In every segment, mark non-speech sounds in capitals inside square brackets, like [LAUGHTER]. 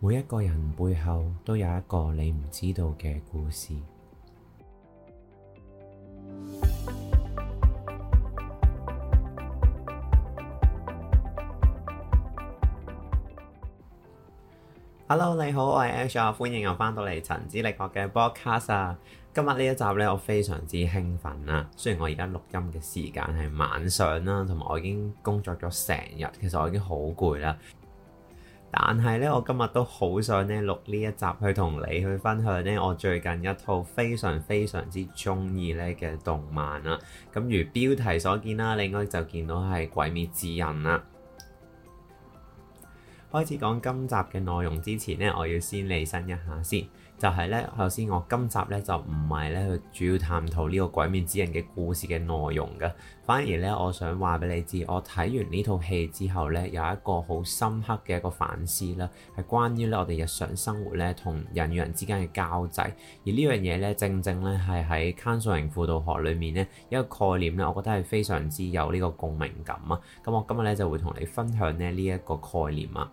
每一個人背後都有一個你唔知道嘅故事。Hello，你好，我係 ASH，歡迎又翻到嚟陳子力學嘅 Podcast 啊！今日呢一集呢，我非常之興奮啦。雖然我而家錄音嘅時間係晚上啦，同埋我已經工作咗成日，其實我已經好攰啦。但係咧，我今日都好想咧錄呢錄一集去同你去分享呢我最近一套非常非常之中意咧嘅動漫啦，啊。咁、嗯、如標題所見啦，你應該就見到係《鬼滅之刃》啦。開始講今集嘅內容之前呢，我要先利申一下先。就係咧，頭先我今集咧就唔係咧去主要探討呢個鬼滅之刃嘅故事嘅內容嘅，反而咧我想話俾你知，我睇完呢套戲之後咧有一個好深刻嘅一個反思啦，係關於咧我哋日常生活咧同人與人之間嘅交際，而呢樣嘢咧正正咧係喺 Counselling 輔導學裡面咧一個概念咧，我覺得係非常之有呢個共鳴感啊！咁我今日咧就會同你分享咧呢一個概念啊。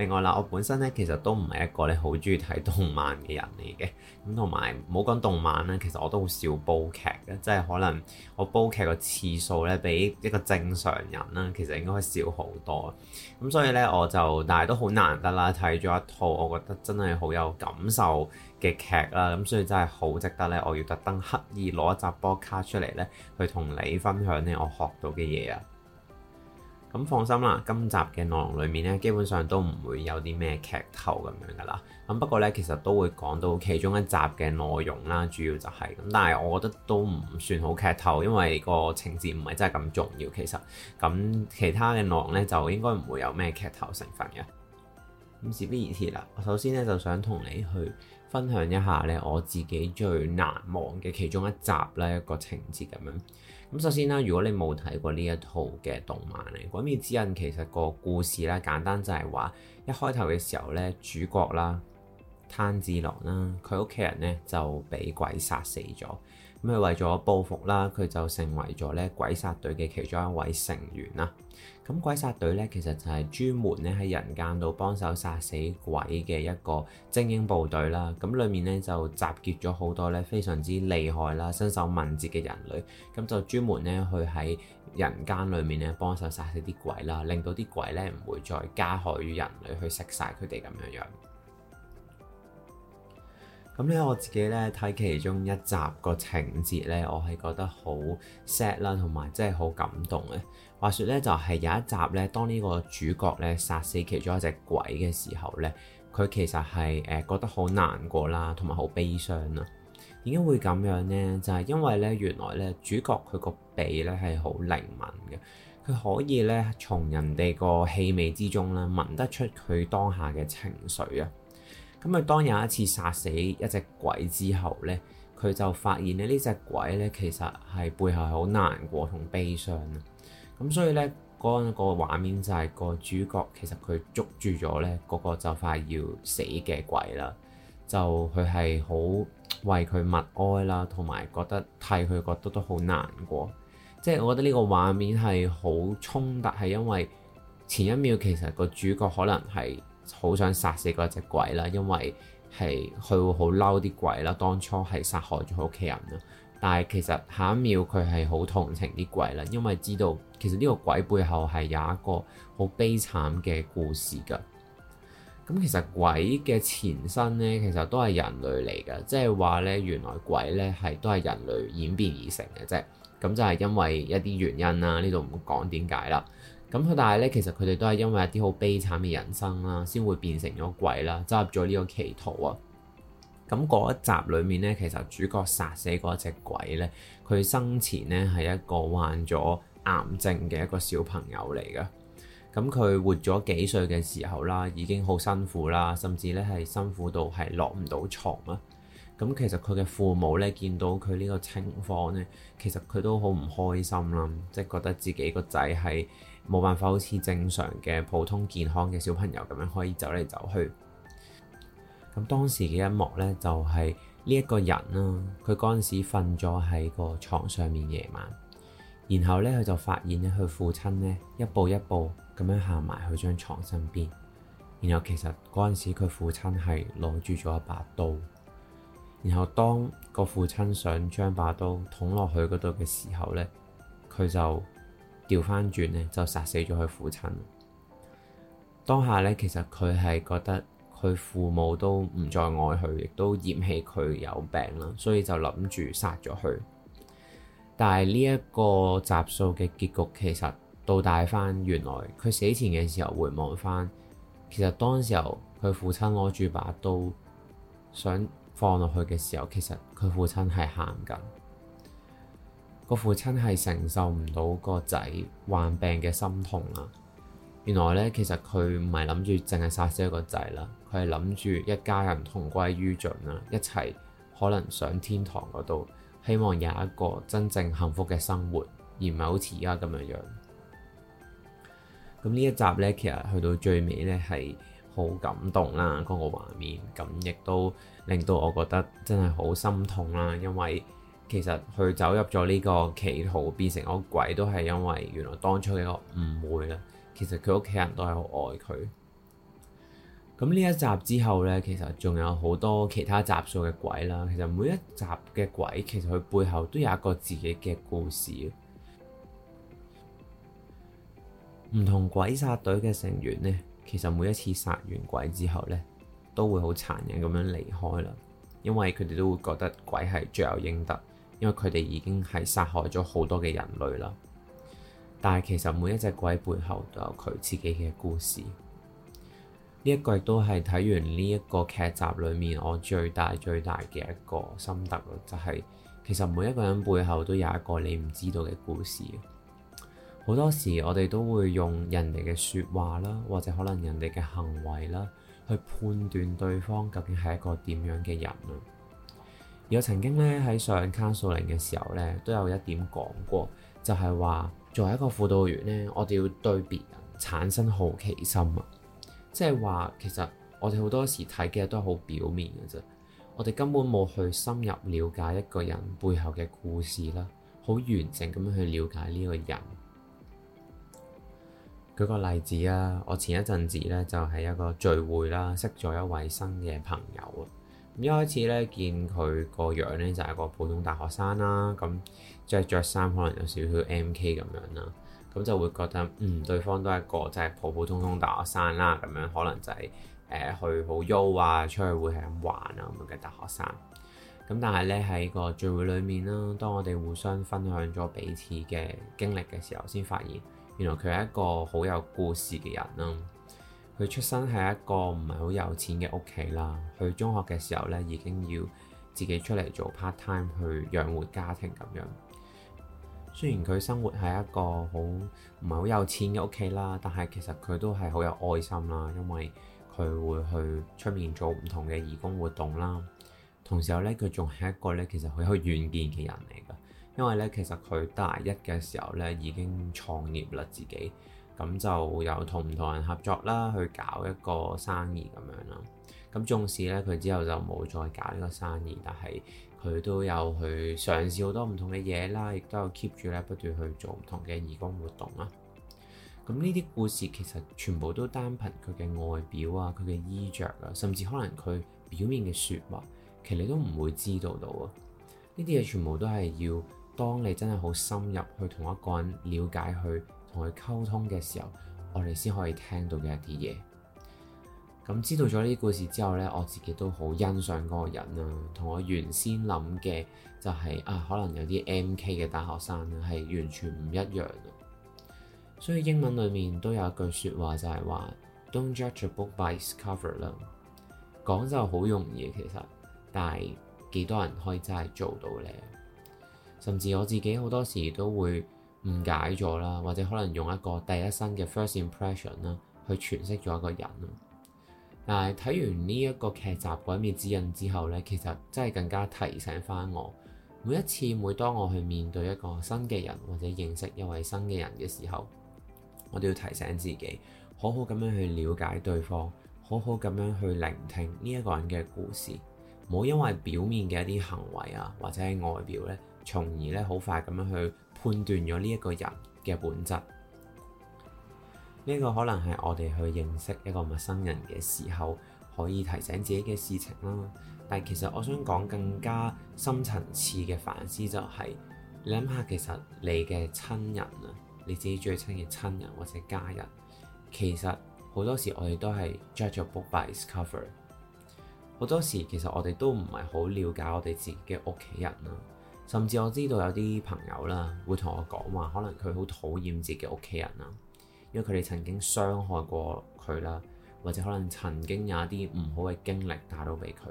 另外啦，我本身咧其實都唔係一個咧好鍾意睇動漫嘅人嚟嘅，咁同埋唔好講動漫啦，其實我都好少煲劇嘅，即係可能我煲劇個次數咧比一個正常人啦，其實應該少好多。咁所以咧，我就但係都好難得啦，睇咗一套我覺得真係好有感受嘅劇啦，咁所以真係好值得咧，我要特登刻意攞一集波卡出嚟咧，去同你分享咧我學到嘅嘢啊！咁放心啦，今集嘅內容裡面呢，基本上都唔會有啲咩劇透咁樣噶啦。咁不過呢，其實都會講到其中一集嘅內容啦，主要就係、是、咁。但係我覺得都唔算好劇透，因為個情節唔係真係咁重要。其實咁其他嘅內容呢，就應該唔會有咩劇透成分嘅。咁事不宜遲啦，我首先呢，就想同你去。分享一下咧，我自己最難忘嘅其中一集咧，一個情節咁樣。咁首先啦，如果你冇睇過呢一套嘅動漫嚟講，《鬼滅之刃》其實個故事咧，簡單就係話，一開頭嘅時候咧，主角啦，炭治郎啦，佢屋企人咧就俾鬼殺死咗。咁係為咗報復啦，佢就成為咗咧鬼殺隊嘅其中一位成員啦。咁鬼殺隊咧，其實就係專門咧喺人間度幫手殺死鬼嘅一個精英部隊啦。咁裡面咧就集結咗好多咧非常之厲害啦、身手敏捷嘅人類，咁就專門咧去喺人間裡面咧幫手殺死啲鬼啦，令到啲鬼咧唔會再加害於人類，去食晒佢哋噉樣樣。咁咧、嗯、我自己咧睇其中一集個情節咧，我係覺得好 sad 啦，同埋真係好感動嘅。話說咧，就係、係、有一集咧，當呢個主角咧殺死其中一隻鬼嘅時候咧，佢其實係誒、呃、覺得好難過啦，同埋好悲傷啦。點解會咁樣呢？就係、係、因為咧，原來咧主角佢個鼻咧係好靈敏嘅，佢可以咧從人哋個氣味之中咧聞得出佢當下嘅情緒啊！咁啊！當有一次殺死一隻鬼之後咧，佢就發現咧呢隻鬼咧其實係背後係好難過同悲傷啊！咁所以咧嗰個畫面就係個主角其實佢捉住咗咧個個就快要死嘅鬼啦，就佢係好為佢默哀啦，同埋覺得替佢覺得都好難過。即係我覺得呢個畫面係好衝突，係因為前一秒其實個主角可能係。好想殺死嗰隻鬼啦，因為係佢會好嬲啲鬼啦。當初係殺害咗佢屋企人啦，但係其實下一秒佢係好同情啲鬼啦，因為知道其實呢個鬼背後係有一個好悲慘嘅故事㗎。咁其實鬼嘅前身呢，其實都係人類嚟㗎，即係話呢，原來鬼呢係都係人類演變而成嘅啫。咁就係因為一啲原因啦，呢度唔講點解啦。咁佢但係咧，其實佢哋都係因為一啲好悲慘嘅人生啦，先會變成咗鬼啦，走入咗呢個歧途啊。咁嗰一集裡面咧，其實主角殺死嗰隻鬼咧，佢生前咧係一個患咗癌症嘅一個小朋友嚟㗎。咁佢活咗幾歲嘅時候啦，已經好辛苦啦，甚至咧係辛苦到係落唔到床啊。咁其實佢嘅父母咧，見到佢呢個情況咧，其實佢都好唔開心啦，即係覺得自己個仔係冇辦法好似正常嘅普通健康嘅小朋友咁樣可以走嚟走去。咁當時嘅一幕咧，就係呢一個人啦、啊，佢嗰陣時瞓咗喺個床上面夜晚，然後咧佢就發現咧佢父親咧一步一步咁樣行埋去張床身邊，然後其實嗰陣時佢父親係攞住咗一把刀。然後，當個父親想將把刀捅落去嗰度嘅時候呢，佢就掉翻轉，呢就殺死咗佢父親。當下呢，其實佢係覺得佢父母都唔再愛佢，亦都嫌棄佢有病啦，所以就諗住殺咗佢。但係呢一個集數嘅結局，其實倒帶翻原來佢死前嘅時候回望翻，其實當時候佢父親攞住把刀想放落去嘅時候，其實佢父親係喊緊，個父親係承受唔到個仔患病嘅心痛啦。原來咧，其實佢唔係諗住淨係殺死一個仔啦，佢係諗住一家人同歸於盡啦，一齊可能上天堂嗰度，希望有一個真正幸福嘅生活，而唔係好似而家咁樣樣。咁呢一集咧，其實去到最尾咧係。好感動啦，嗰、那個畫面，咁亦都令到我覺得真係好心痛啦，因為其實佢走入咗呢個歧途，企圖變成個鬼都係因為原來當初嘅一個誤會啦。其實佢屋企人都係好愛佢。咁呢一集之後呢，其實仲有好多其他集數嘅鬼啦。其實每一集嘅鬼，其實佢背後都有一個自己嘅故事。唔同鬼殺隊嘅成員呢。其實每一次殺完鬼之後呢，都會好殘忍咁樣離開啦，因為佢哋都會覺得鬼係罪有應得，因為佢哋已經係殺害咗好多嘅人類啦。但係其實每一隻鬼背後都有佢自己嘅故事。呢一個亦都係睇完呢一個劇集裏面我最大最大嘅一個心得，就係、是、其實每一個人背後都有一個你唔知道嘅故事。好多時，我哋都會用人哋嘅説話啦，或者可能人哋嘅行為啦，去判斷對方究竟係一個點樣嘅人啊。而我曾經咧喺上卡 o n 嘅時候咧，都有一點講過，就係、是、話作為一個輔導員咧，我哋要對別人產生好奇心啊。即係話其實我哋好多時睇嘅都係好表面嘅啫，我哋根本冇去深入了解一個人背後嘅故事啦，好完整咁樣去了解呢個人。舉個例子啊，我前一陣子咧就係一個聚會啦，識咗一位新嘅朋友啊。咁一開始咧見佢個樣咧就係個普通大學生啦，咁即係著著衫可能有少少 MK 咁樣啦，咁就會覺得嗯，對方都係個即係普普通通大學生啦，咁樣可能就係、是、誒、呃、去好悠啊，出去會係咁玩啊咁嘅大學生。咁但係咧喺個聚會裡面啦，當我哋互相分享咗彼此嘅經歷嘅時候，先發現。原來佢係一個好有故事嘅人啦。佢出生係一個唔係好有錢嘅屋企啦。佢中學嘅時候咧，已經要自己出嚟做 part time 去養活家庭咁樣。雖然佢生活係一個好唔係好有錢嘅屋企啦，但係其實佢都係好有愛心啦，因為佢會去出面做唔同嘅義工活動啦。同時又咧，佢仲係一個咧其實好有遠見嘅人嚟㗎。因為咧，其實佢大一嘅時候咧，已經創業啦自己，咁就有同唔同人合作啦，去搞一個生意咁樣啦。咁縱使咧，佢之後就冇再搞呢個生意，但係佢都有去嘗試好多唔同嘅嘢啦，亦都有 keep 住咧，不斷去做唔同嘅義工活動啦。咁呢啲故事其實全部都單憑佢嘅外表啊，佢嘅衣着啊，甚至可能佢表面嘅説話，其實你都唔會知道到啊。呢啲嘢全部都係要。當你真係好深入去同一個人了解，去同佢溝通嘅時候，我哋先可以聽到嘅一啲嘢。咁知道咗呢啲故事之後呢，我自己都好欣賞嗰個人啊。同我原先諗嘅就係啊，可能有啲 MK 嘅大學生啊，係完全唔一樣啊。所以英文裏面都有一句説話就係話，Don't judge a book by its cover 啦。講就好容易其實，但係幾多人可以真係做到咧？甚至我自己好多時都會誤解咗啦，或者可能用一個第一身嘅 first impression 啦去詮釋咗一個人。但係睇完呢一個劇集《鬼滅之刃》之後呢，其實真係更加提醒翻我，每一次每當我去面對一個新嘅人或者認識一位新嘅人嘅時候，我都要提醒自己，好好咁樣去了解對方，好好咁樣去聆聽呢一個人嘅故事，唔好因為表面嘅一啲行為啊或者係外表呢。從而咧，好快咁樣去判斷咗呢一個人嘅本質。呢、這個可能係我哋去認識一個陌生人嘅時候，可以提醒自己嘅事情啦。但係其實我想講更加深層次嘅反思，就是，就係你諗下，其實你嘅親人啊，你自己最親嘅親人或者家人，其實好多時我哋都係 judge a book by its cover。好多時其實我哋都唔係好了解我哋自己嘅屋企人啊。甚至我知道有啲朋友啦，會同我講話，可能佢好討厭自己屋企人啦，因為佢哋曾經傷害過佢啦，或者可能曾經有一啲唔好嘅經歷帶到俾佢。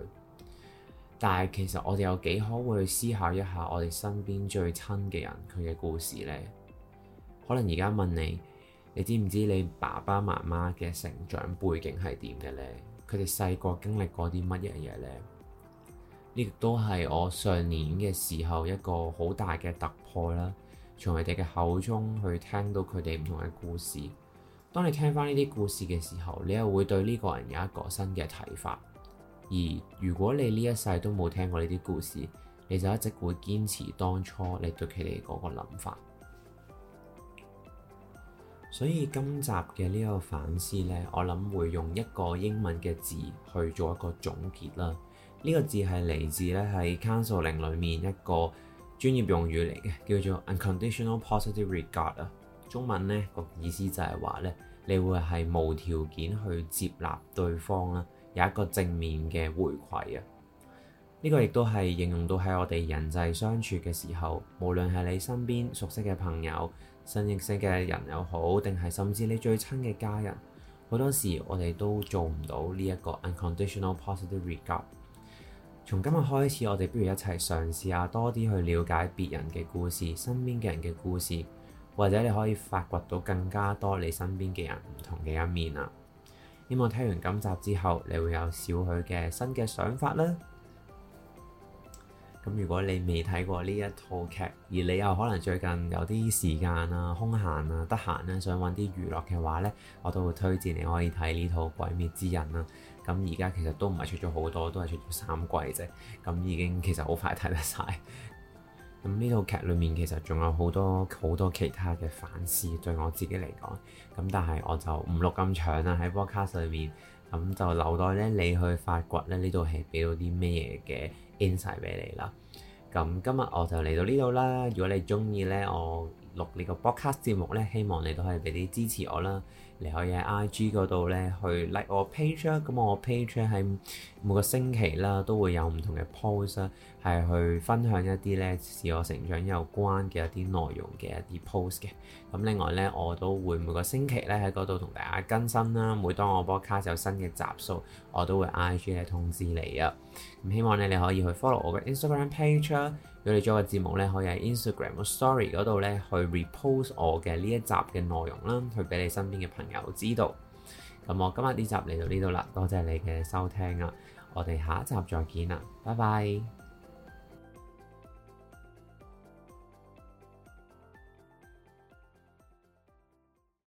但係其實我哋有幾可會去思考一下我哋身邊最親嘅人佢嘅故事呢？可能而家問你，你知唔知你爸爸媽媽嘅成長背景係點嘅呢？佢哋細個經歷過啲乜嘢嘢呢？呢都係我上年嘅時候一個好大嘅突破啦！從佢哋嘅口中去聽到佢哋唔同嘅故事，當你聽翻呢啲故事嘅時候，你又會對呢個人有一個新嘅睇法。而如果你呢一世都冇聽過呢啲故事，你就一直會堅持當初你對佢哋嗰個諗法。所以今集嘅呢個反思呢，我諗會用一個英文嘅字去做一個總結啦。呢個字係嚟自咧，係 counseling 裏面一個專業用語嚟嘅，叫做 unconditional positive regard 啊。中文呢個意思就係話呢你會係無條件去接納對方啦，有一個正面嘅回饋啊。呢個亦都係應用到喺我哋人際相處嘅時候，無論係你身邊熟悉嘅朋友、新認識嘅人又好，定係甚至你最親嘅家人，好多時我哋都做唔到呢一個 unconditional positive regard。從今日開始，我哋不如一齊嘗試下多啲去了解別人嘅故事、身邊嘅人嘅故事，或者你可以發掘到更加多你身邊嘅人唔同嘅一面啊！希望聽完今集之後，你會有少許嘅新嘅想法啦～咁如果你未睇過呢一套劇，而你又可能最近有啲時間啊、空閒啊、得閒啊，想揾啲娛樂嘅話呢，我都會推薦你可以睇呢套《鬼滅之刃》啦、啊。咁而家其實都唔係出咗好多，都係出咗三季啫。咁已經其實好快睇得晒。咁 [LAUGHS] 呢套劇裏面其實仲有好多好多其他嘅反思，對我自己嚟講，咁但係我就唔錄咁長啦，喺 podcast 上面，咁就留待呢，你去發掘呢呢度係俾到啲咩嘢嘅。Insight 俾你啦，咁今日我就嚟到呢度啦。如果你中意咧，我錄呢個播客節目咧，希望你都可以俾啲支持我啦。你可以喺 IG 嗰度咧去 like 我 page 咁我 page 喺每個星期啦都會有唔同嘅 post 係去分享一啲咧自我成長有關嘅一啲內容嘅一啲 post 嘅。咁另外咧我都會每個星期咧喺嗰度同大家更新啦，每當我播卡有新嘅集數，我都會 IG 咧通知你啊。咁希望咧你可以去 follow 我嘅 Instagram page。如果你中意個節目咧，可以喺 Instagram story 嗰度咧去 repost 我嘅呢一集嘅內容啦，去俾你身邊嘅朋。有知道，咁我今日呢集嚟到呢度啦，多謝你嘅收聽啦，我哋下一集再見啦，拜拜。